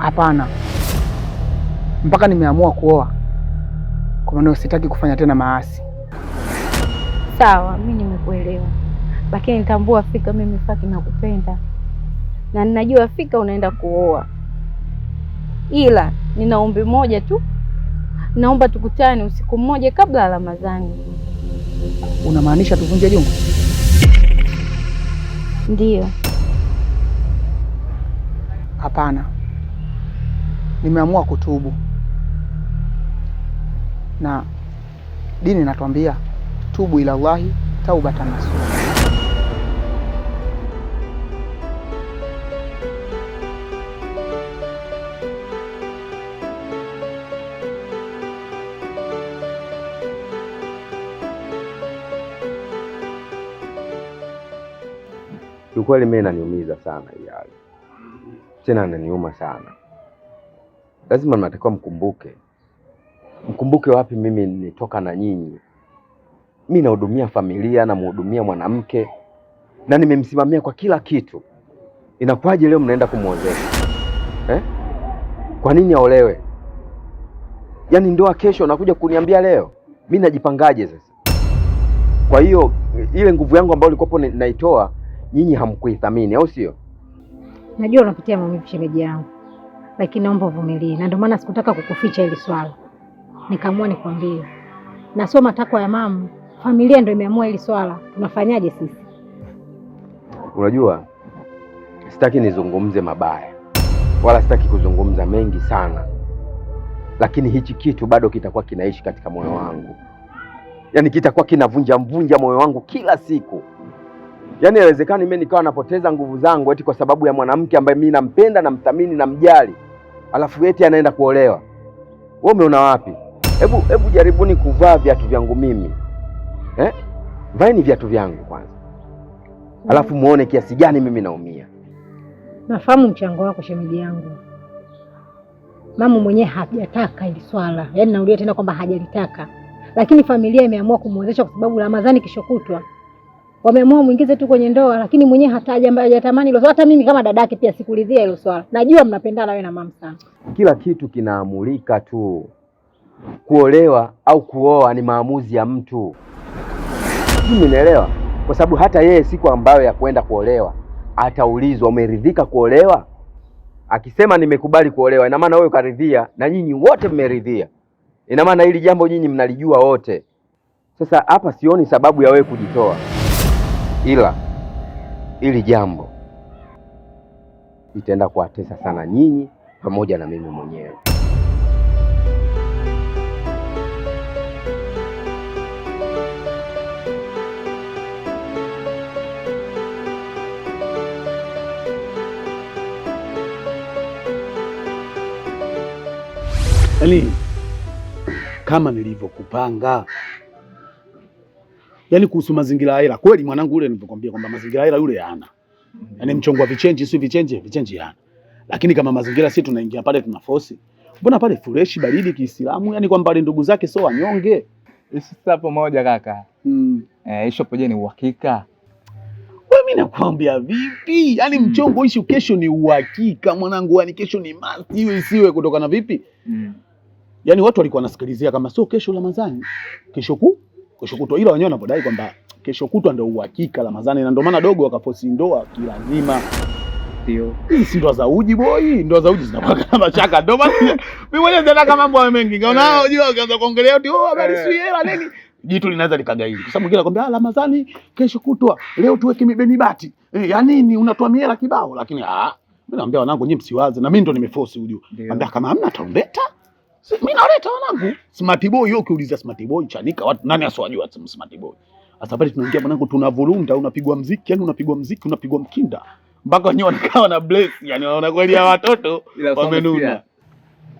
Hapana, mpaka nimeamua kuoa, kwa maana usitaki kufanya tena maasi. Sawa, mi nimekuelewa, lakini nitambua fika, mimi Faki nakupenda na ninajua fika unaenda kuoa, ila nina ombi moja tu, naomba tukutane usiku mmoja kabla ya Ramadhani. Unamaanisha tuvunje jungu? Ndiyo. Hapana nimeamua kutubu, na dini inatuambia tubu ila Allahi taubatan nasuha. Kiukweli mimi inaniumiza sana hii hali, tena inaniuma sana lazima mnatakiwa mkumbuke. Mkumbuke wapi? Mimi nitoka na nyinyi, mi nahudumia familia, namhudumia mwanamke na nimemsimamia kwa kila kitu. Inakuwaje leo mnaenda kumwozesha eh? Kwa nini aolewe? Yaani ndoa kesho, nakuja kuniambia leo? Mi najipangaje sasa? Kwa hiyo ile nguvu yangu ambayo nilikuwapo naitoa, nyinyi hamkuithamini, au sio? Najua unapitia maumivu shemeji yangu lakini naomba uvumilie, na ndio maana sikutaka kukuficha hili swala, nikaamua nikwambie, na sio matakwa ya mama, familia ndio imeamua hili swala. Tunafanyaje sisi? Unajua, sitaki nizungumze mabaya wala sitaki kuzungumza mengi sana, lakini hichi kitu bado kitakuwa kinaishi katika moyo wangu, yaani kitakuwa kinavunja mvunja moyo wangu kila siku. Yaani inawezekana mimi nikawa napoteza nguvu zangu eti kwa sababu ya mwanamke ambaye mimi nampenda, namthamini, namjali alafu eti anaenda kuolewa. Wewe umeona wapi? Hebu hebu jaribuni kuvaa viatu vyangu mimi eh? Vaeni viatu vyangu kwanza, alafu muone kiasi gani mimi naumia. Nafahamu mchango wako shemeji yangu, mama mwenyewe hajataka ili swala, yaani naulia tena kwamba hajalitaka, lakini familia imeamua kumwezesha kwa sababu Ramadhani kishokutwa kutwa wameamua mwingize tu kwenye ndoa, lakini mwenyewe hataja ambaye hajatamani hilo. Hata mimi kama dadake pia sikuridhia hilo swala. Najua mnapendana wewe na mama sana. Kila kitu kinaamulika tu, kuolewa au kuoa ni maamuzi ya mtu. Mimi naelewa, kwa sababu hata yeye siku ambayo ya kwenda kuolewa ataulizwa umeridhika kuolewa. Akisema nimekubali kuolewa, ina maana wewe karidhia na nyinyi wote mmeridhia, ina maana hili jambo nyinyi mnalijua wote. Sasa hapa sioni sababu ya wewe kujitoa ila ili jambo itaenda kuwatesa sana nyinyi pamoja na mimi mwenyewe. Yaani kama nilivyokupanga yani kuhusu mazingira ya hela. Kweli mwanangu yule nilikwambia kwamba mazingira ya hela yule yana. Yaani mchongo wa vichenji si vichenji, vichenji yana. Lakini kama mazingira sisi tunaingia pale tuna force. Mbona pale fresh baridi Kiislamu, yani kwamba wale ndugu zake sio wanyonge. Sisi moja kaka. Mm. Eh, hicho poje ni uhakika. Wewe mimi nakwambia vipi? Yaani hmm. mchongo hicho kesho ni uhakika mwanangu, yani kesho ni must iwe isiwe kutokana vipi? Mm. Yaani watu walikuwa wanasikilizia kama sio kesho Ramadhani, kesho kuu kesho kutwa, ila wenyewe wanapodai kwamba kesho kutwa ndio uhakika Ramadhani, na ndio maana dogo wakafosi ndoa kilazima. Ndio hii si ndoa za uji boy, ndoa za uji zinakuwa na mashaka. Ndio maana mimi mwenyewe kama mambo mengi, unaona, eh. ah, unajua ukaanza kuongelea eti oh, habari eh. si hela nini jitu linaweza likagaili, kwa sababu mwingine anakwambia ah, Ramadhani kesho kutwa, leo tuweke mibeni bati eh, ya nini? Unatoa mihela kibao, lakini ah, mimi naambia wanangu, nyinyi msiwaze, na mimi ndo nimeforce ujue, naambia kama hamna tarumbeta mimi naleta wanangu. Smart boy hiyo ukiuliza Smart boy Chanika watu nani asiwajua Smart boy. Sasa pale tunaingia mwanangu tunavurunda unapigwa mziki yani unapigwa mziki unapigwa mkinda. Mpaka wenyewe wanakaa na bless yani wanaona kweli ya watoto wamenuna.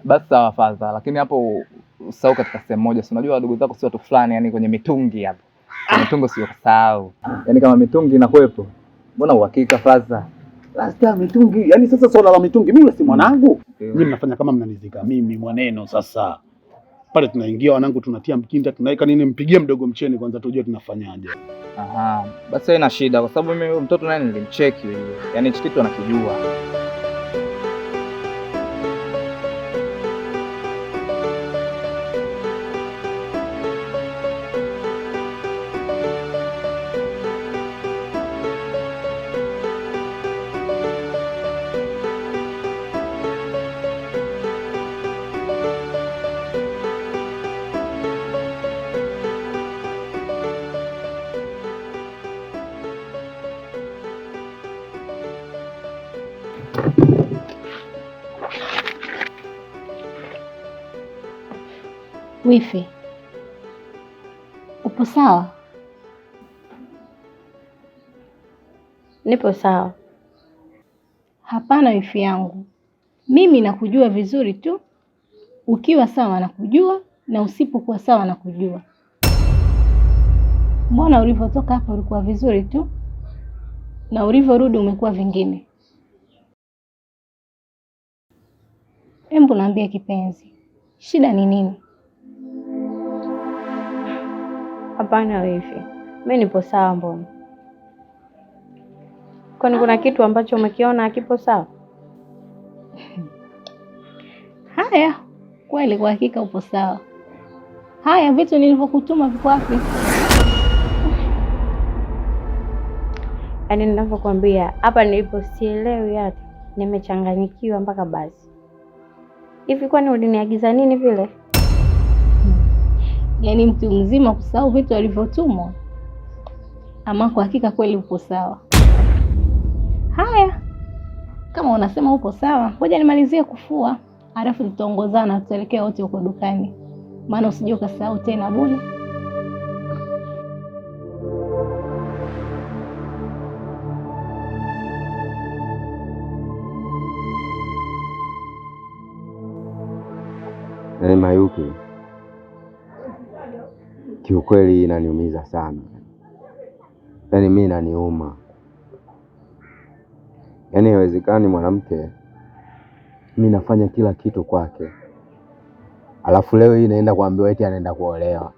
Basi sawa faza lakini hapo usahau katika sehemu moja. Si unajua wadogo zako si watu fulani yani kwenye mitungi hapo. mitungi sio sawa, yani kama mitungi inakuepo. Mbona uhakika faza? Lasta mitungi, yaani sasa swala la mitungi mimi si mwanangu. Mm. Mimi mnafanya kama mnanizika. Mimi mwaneno sasa. Pale tunaingia wanangu tunatia mkinda tunaweka nini mpigie mdogo mcheni kwanza tujue tunafanyaje. Aha. Basi haina shida kwa sababu mimi mtoto naye nilimcheki yule. Yaani kitu anakijua. Wifi, upo sawa? Nipo sawa. Hapana wifi yangu, mimi nakujua vizuri tu. Ukiwa sawa nakujua, na usipokuwa sawa nakujua. Mbona ulivyotoka hapa ulikuwa vizuri tu, na ulivyorudi umekuwa vingine. Embu naambia kipenzi, shida ni nini? Hapana wifi, mi nipo sawa. Mbona, kwani kuna kitu ambacho umekiona akipo sawa? Haya, kweli kwa hakika upo sawa. Haya, vitu nilivyokutuma viko wapi? Yaani ninavyokuambia hapa nilipo, sielewi hata, nimechanganyikiwa mpaka basi. Hivi kwani uliniagiza nini vile? yaani mtu mzima kusahau vitu alivyotumwa. Ama kwa hakika kweli upo sawa. Haya, kama unasema upo sawa, ngoja nimalizie kufua, halafu tutaongozana, tutaelekea wote huko dukani, maana usije ukasahau tena bwana. Hey, Mayuki kiukweli inaniumiza sana, yaani mi naniuma yaani haiwezekani mwanamke, mi nafanya kila kitu kwake, alafu leo hii naenda kuambiwa eti anaenda kuolewa.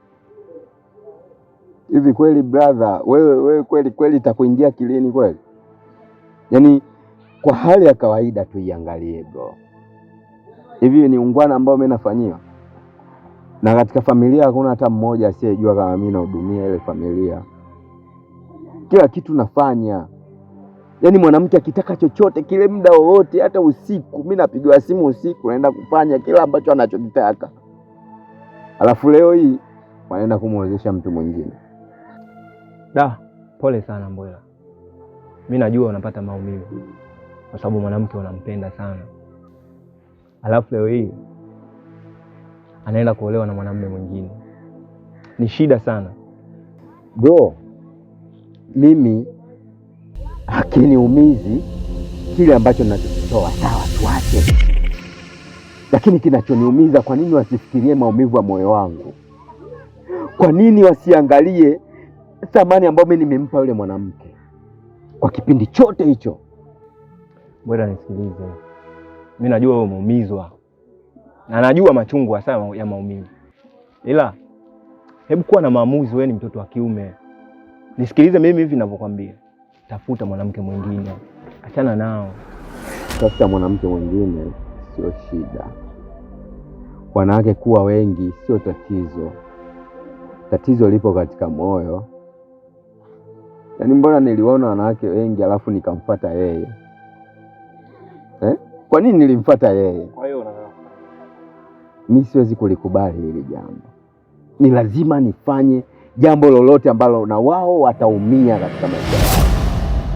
Hivi kweli brother, wewe wewe kweli kweli itakuingia kilini kweli? Yaani kwa hali ya kawaida tuiangalie bro, hivi ni ungwana ambao mimi nafanyiwa na katika familia hakuna hata mmoja asiyejua kama mimi nahudumia ile familia. Kila kitu nafanya, yaani mwanamke akitaka chochote kile, muda wowote, hata usiku. Mimi napigiwa simu usiku, naenda kufanya kila ambacho anachokitaka, alafu leo hii wanaenda kumwezesha mtu mwingine. Da, pole sana Mbwela, mi najua unapata maumivu kwa sababu mwanamke unampenda sana, alafu leo hii anaenda kuolewa na mwanamume mwingine. Ni shida sana bro. Mimi hakiniumizi kile ambacho nachokitoa, sawa, tuache. Lakini kinachoniumiza, kwa nini wasifikirie maumivu ya moyo wangu? Kwa nini wasiangalie thamani ambayo mimi nimempa yule mwanamke kwa kipindi chote hicho? Bwana, nisikilize, mimi najua wewe umeumizwa na najua machungu hasa ya maumivu, ila hebu kuwa na maamuzi. Wewe ni mtoto wa kiume, nisikilize mimi hivi ninavyokuambia. Tafuta mwanamke mwingine, achana nao. Tafuta mwanamke mwingine sio shida, wanawake kuwa wengi sio tatizo. Tatizo lipo katika moyo. Yaani, mbona niliona wanawake wengi alafu nikamfuata yeye eh? Kwa nini nilimfuata yeye? mi siwezi kulikubali hili jambo, ni lazima nifanye jambo lolote ambalo na wao wataumia katika maisha yao.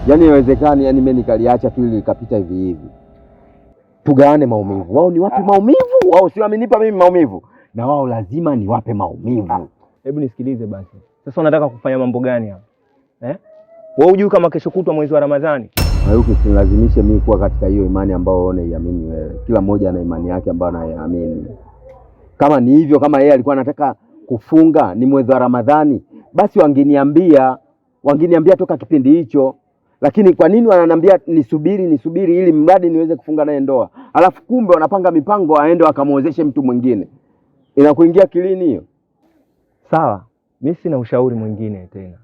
Yaani haiwezekani, yani mimi nikaliacha tu ili likapita hivi hivi. Tugawane maumivu, wao ni wape maumivu, wao si wamenipa mimi maumivu, na wao lazima niwape maumivu. Hebu nisikilize basi, sasa unataka kufanya mambo gani hapa eh? Wewe hujui kama kesho kutwa mwezi wa Ramadhani? Ayuki, usinilazimishe mimi kuwa katika hiyo imani ambayo wewe unaiamini wewe. Kila mmoja ana imani yake ambayo anaamini. Kama ni hivyo, kama yeye alikuwa anataka kufunga ni mwezi wa Ramadhani, basi wangeniambia, wangeniambia toka kipindi hicho. Lakini kwa nini wananiambia nisubiri, nisubiri ili mradi niweze kufunga naye ndoa, alafu kumbe wanapanga mipango aende wakamwozeshe mtu mwingine? Inakuingia kilini hiyo? Sawa, mi sina ushauri mwingine tena.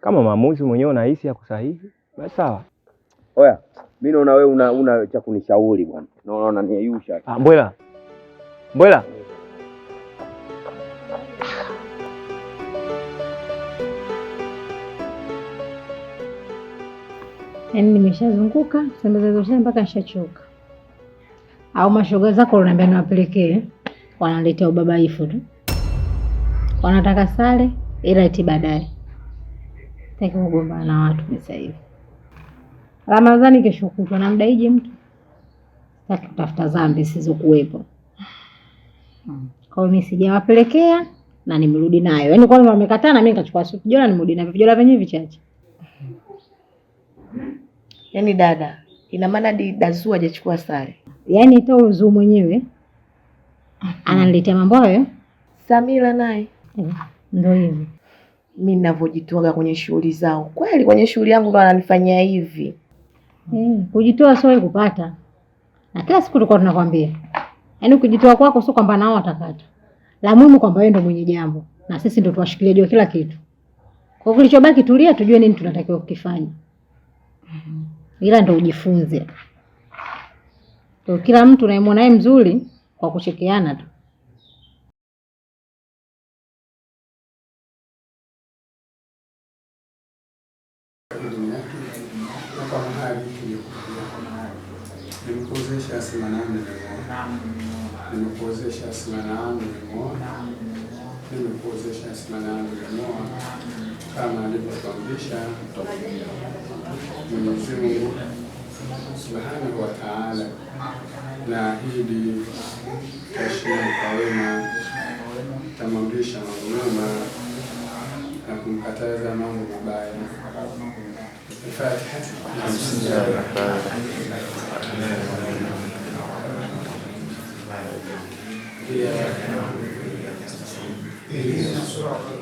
Kama maamuzi mwenyewe unahisi ya kusahihi, basi sawa. Oya, mi naona wewe una, una cha kunishauri bwana, naona Ah, Mbwela Mbwela, yaani nimeshazunguka sembezazosha mpaka nishachoka. Au mashoga zako unaniambia niwapelekee, eh? wanaletea ubabaifu tu, wanataka sare ila eti baadaye taki kugombana na watu sasa hivi. Ramadhani kesho kutwa namdaiji mtu taki kutafuta dhambi kuwepo Hmm. Kwa hiyo mimi sijawapelekea na nimerudi nayo. Yaani kwa wamekataa na mimi nikachukua supu vijola nimerudi na vijola vyenye vichache. Yaani dada, ina maana Dazuu hajachukua sare. Yaani toa uzu mwenyewe ananiletea mambo hayo. Samira naye eh, ndio hivi. Mimi ninavyojitoa kwenye shughuli zao. Kweli kwenye shughuli yangu ndo ananifanyia hivi. Mm, kujitoa sio kupata. Na kila siku tulikuwa tunakwambia. Yaani ukijitoa kwako sio kwamba nao watakata. La muhimu kwamba wewe ndio mwenye jambo na sisi ndio tuwashikilia jua kila kitu. Kwa hiyo kilichobaki, tulia tujue nini tunatakiwa kukifanya. Mm-hmm. Ila ndio ujifunze. Kwa kila mtu unayemwona yeye mzuri kwa kuchekeana tu. Nimekuozesha asilimia nane nimeoa. Nimekuozesha asilimia nane nimeoa. Nimekuozesha asilimia nane nimeoa. Kama alivyokuamrisha utakuja. Mwenyezi Mungu Subhanahu wa Ta'ala, naahidi tashimu kwa wema, tamwamrisha mambo mema na kumkataza mambo mabaya. Fatiha. Дякую.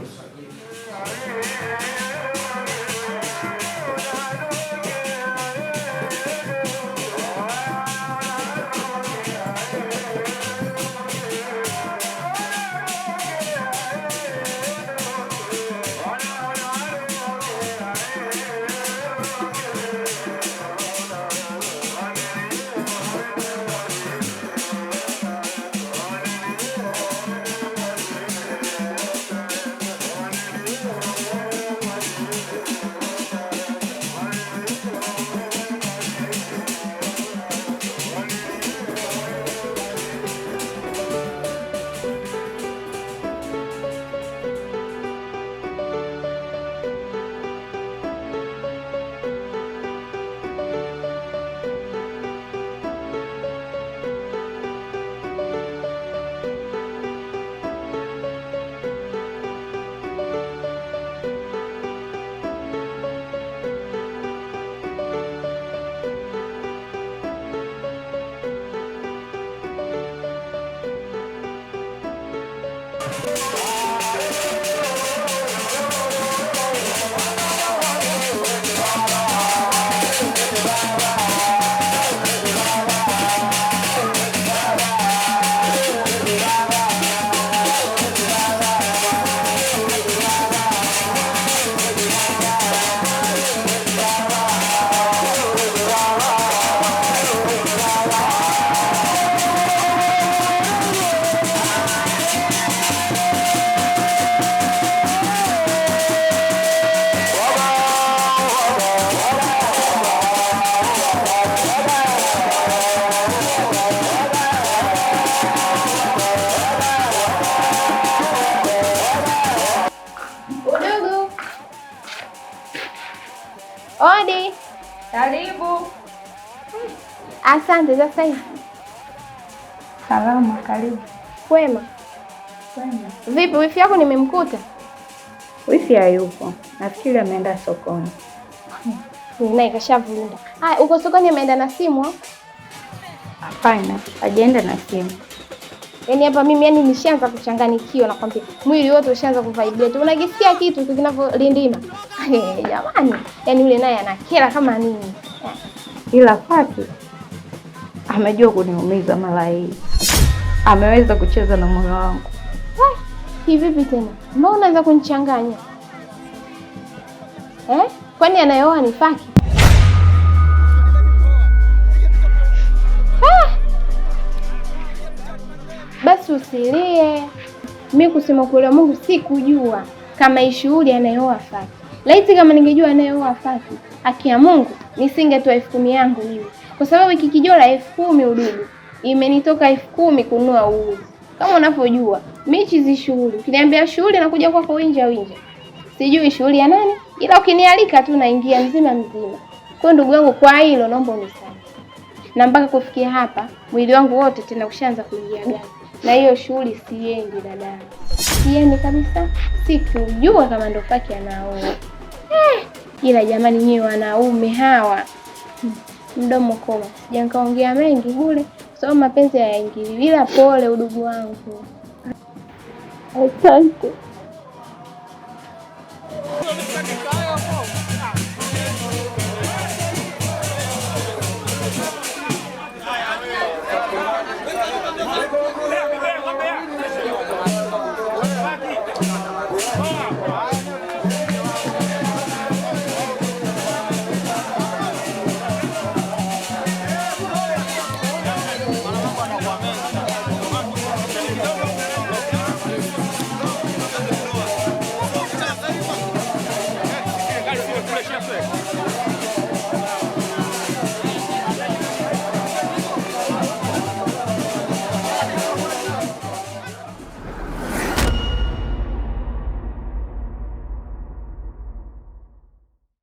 Karibu. Asante. Sasa hivi salama. Karibu. Kwema. Kwema. Vipi wifi yako nimemkuta? Wifi hayupo, nafikiri ameenda sokoni. Naye kashavunda. Haya, uko sokoni ameenda na simu? Hapana, hajaenda na simu. Yaani hapa mimi yani nishaanza kuchanganikiwa, nakwambia mwili wote ushaanza kuvibrate, unagisikia kitu kinavyolindima eh, jamani. yani yule naye anakera kama nini, eh. ila Fati amejua kuniumiza mara hii, ameweza kucheza na moyo wangu eh, hivipi tena, mbona unaweza kunichanganya eh? Kwani anayeoa ni Faki? Yesu usilie. Mimi kusema kweli Mungu sikujua kama ishuhuri shughuli anayeoa Fati. Laiti kama ningejua anayeoa Fati, haki ya Mungu nisingetoa elfu kumi yangu mimi, kwa sababu wiki kijola elfu kumi ududu imenitoka elfu kumi kununua uuzi. Kama unavyojua michi zi shughuli, ukiniambia shughuli nakuja kwako winja winja, sijui shughuli ya nani, ila ukinialika tu naingia mzima mzima. Kwa ndugu yangu, kwa hilo naomba unisamehe, na mpaka kufikia hapa mwili wangu wote tena ushaanza kuingia gani na hiyo shughuli siendi dada, siendi kabisa. Sikujua kama ndo paki anaoa eh. Ila jamani, nyewe wanaume hawa mdomo koma, sija nikaongea mengi bule so mapenzi hayaingili. Ila pole udugu wangu, asante.